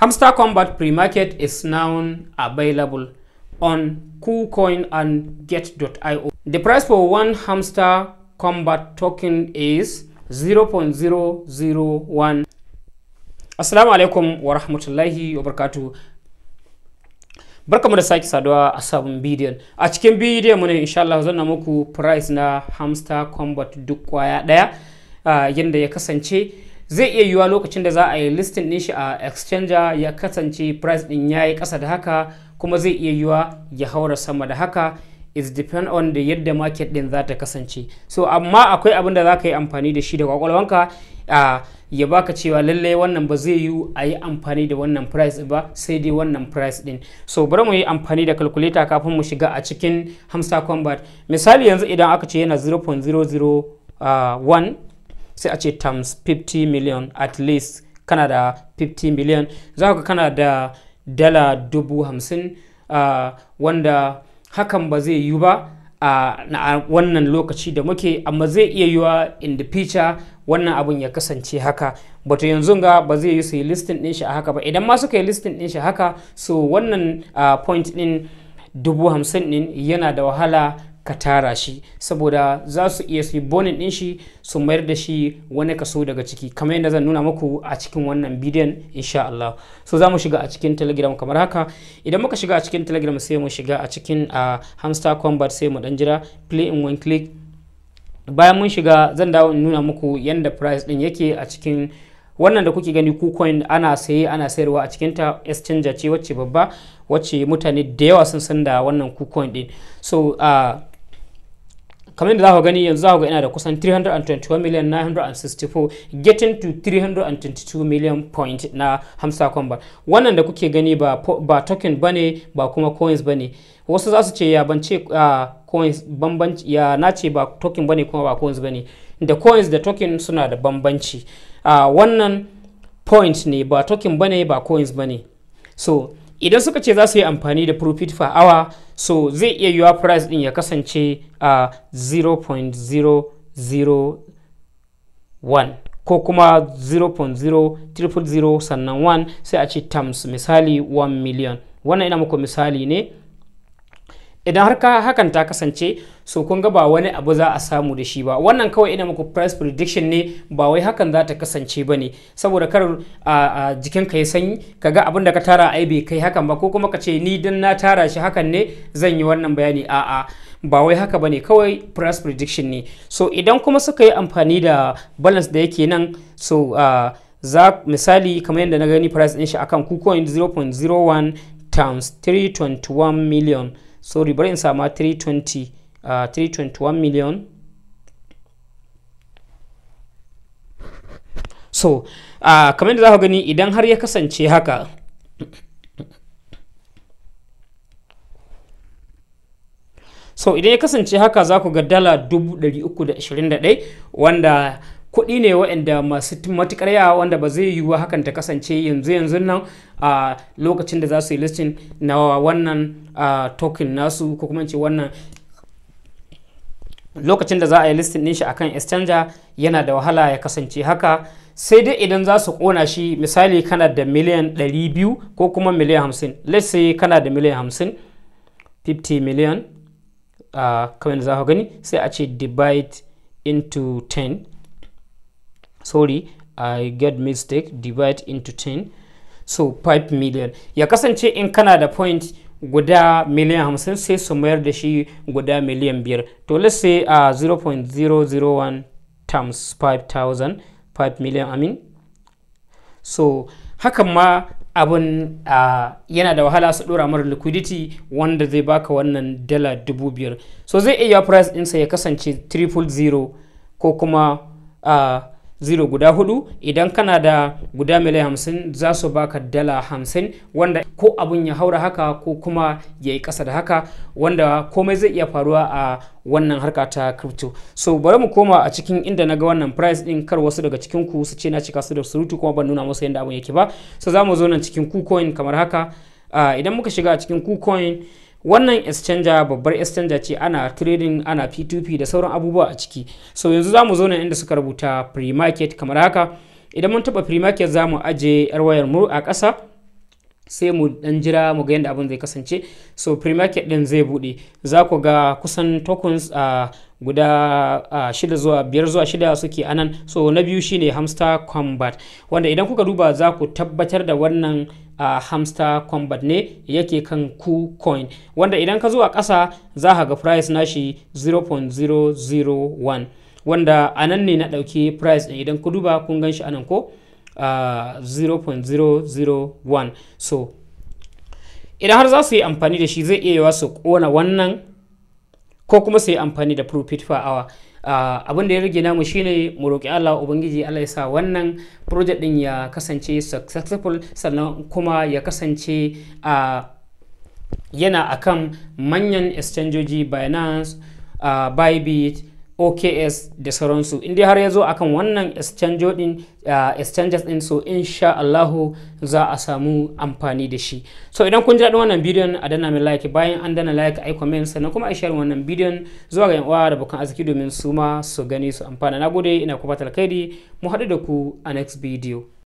Hamster Combat pre-market is now available on KuCoin and Get.io. The price for one Hamster Combat token is 0.001. Assalamu alaikum wa rahmatullahi wa barakatuh. barkamu da sake saduwa a sabon bidiyon a cikin bidiyon mu ne insha Allah zan muku price na hamster combat duk kwaya daya ah, yadda ya kasance zai iya yiwuwa lokacin da za a yi listin din shi a exchanger ya kasance price din ya yi ƙasa da haka kuma zai iya yiwuwa ya haura sama da haka is depend on da yadda market din za ta kasance so amma akwai abin da za ka yi amfani da shi da kwakwalwanka ya baka cewa lallai wannan ba zai yiwu a yi amfani da wannan price ba sai dai wannan price din so bari mu yi amfani da calculator kafin mu shiga a cikin hamsa combat misali yanzu idan aka ce yana 0.001 sai a ce times 50 million at least kana da 50 million za ka kana da dala dubu hamsin uh, wanda hakan ba zai yi ba a wannan lokaci da muke amma zai iya yiwa in the future wannan abun ya kasance haka bato yanzu ga ba zai yi su yi listin din shi a haka ba idan ma suka yi listin din shi haka so wannan uh, point din dubu hamsin din yana da wahala ka tara shi saboda za su iya su yi bonin din shi su mayar da shi wani kaso daga ciki kamar yadda zan nuna muku a cikin wannan bidiyon insha Allah so za mu shiga a cikin telegram kamar haka idan muka shiga a cikin telegram sai mu shiga a cikin a hamster combat sai mu dan jira play in one click bayan mun shiga zan dawo in nuna muku yadda price din yake a cikin wannan da kuke gani kucoin ana saye ana sayarwa a cikin ta exchanger ce wacce babba wacce mutane da yawa sun san da wannan kucoin din so uh, kamar yadda za ku gani yanzu za ku ga ina da kusan 321 million 964 getting to 322 million point na hamsa kwamba wannan da kuke gani ba, ba token ba ne ba kuma coins ba ne wasu za su ce ya bance uh, ah, coins bambanci ya na ce ba token ba ne kuma ba coins ba ne da coins da token suna da bambanci uh, wannan point ne ba token ba ne ba coins ba ne so idan suka ce za su yi amfani da profit per hour so zai iya yiwa price din ya kasance a 0.001 ko kuma 0.0000 sannan 1 sai a ce terms misali 1 million wannan ina muku misali ne idan har ka hakan ta kasance so kun ga ba wani abu za a samu da shi ba wannan kawai ina muku price prediction ne ba wai hakan za ta kasance ba ne saboda kar a jikin ka ya sanyi ka ga abin da ka tara ai bai kai hakan ba ko kuma ka ce ni dan na tara shi hakan ne zan yi wannan bayani a'a ba wai haka bane kawai price prediction ne so idan kuma suka yi amfani da balance da yake nan so za misali kamar yadda na gani price din shi akan kukon 0.01 times 321 million sorry bari in sama 320 321 uh, million so uh, kamar da za ku gani idan har ya kasance haka so idan ya kasance haka za ku ga dala 321 wanda kuɗi ne waɗanda masu matuƙar yawa wanda ba zai yiwu hakan ta kasance yanzu yanzu nan a lokacin da za su yi listin na wannan token nasu ko kuma ce wannan lokacin da za a yi listin ɗin shi akan exchanger yana da wahala ya kasance haka sai dai idan za su ƙona shi misali kana da miliyan 200 ko kuma miliyan 50 let's say kana da miliyan 50 50 million uh, kamar za ku gani sai a ce divide into 10 sorry i get mistake divide into 10 so 5 million ya kasance in kana da point guda miliyan hamsin sai su mayar da shi guda miliyan biyar to let's say a uh, 0.001 times 5000 5 million i mean so hakan ma abin uh, yana da wahala su dora mara liquidity wanda zai baka wannan dala dubu biyar so zai iya price ɗinsa ya kasance triple zero ko kuma uh, zero guda hudu idan kana da guda miliyan hamsin za su baka dala hamsin wanda ko abun ya haura haka ko kuma ya yi kasa da haka wanda komai zai iya faruwa a wannan harka ta crypto so bari mu koma a cikin inda na ga wannan price din kar wasu daga cikin ku su ce na cika su da surutu kuma ban nuna musu yadda abun yake ba so za mu zo nan cikin kucoin kamar haka ah, idan muka shiga a cikin kucoin wannan exchanger babbar exchanger ce ana trading ana p2p da sauran abubuwa a ciki so yanzu za mu zo inda suka rubuta pre-market kamar haka idan mun taɓa pre-market za aje yar wayar mu a ƙasa sai mu dan jira mu ga yadda abin zai kasance so pre-market din zai buɗe za ku ga kusan tokens a uh, guda uh, shida zuwa biyar zuwa shida suke anan so na biyu shine hamster combat wanda idan kuka duba za ku tabbatar da wannan uh, hamster combat ne yake kan kucoin wanda idan ka zuwa ƙasa za ka ga price nashi 0.001 wanda anan ne na ɗauki price ɗin idan ku duba kun gan shi anan ko uh, 0.001 so idan har za su yi amfani da shi zai iya yawa su ƙona wannan ko kuma su yi amfani da profit per hour ah, abin da ya rage namu shine mu roƙi Allah ubangiji Allah ya sa wannan project din ya kasance successful sannan kuma ya kasance a uh, yana akan manyan exchangeoji Binance uh, Bybit OKS da sauransu in har ya zo akan wannan uh, exchanges din so insha Allahu za a samu amfani da shi so idan kun ji daɗin wannan bidiyon a danna mai like bayan an danna like ai comment sannan kuma a share wannan bidiyon zuwa ga yanuwa da bukan arziki domin su ma su gani su amfana gode ina kuma talakaidi mu haɗu da ku a next video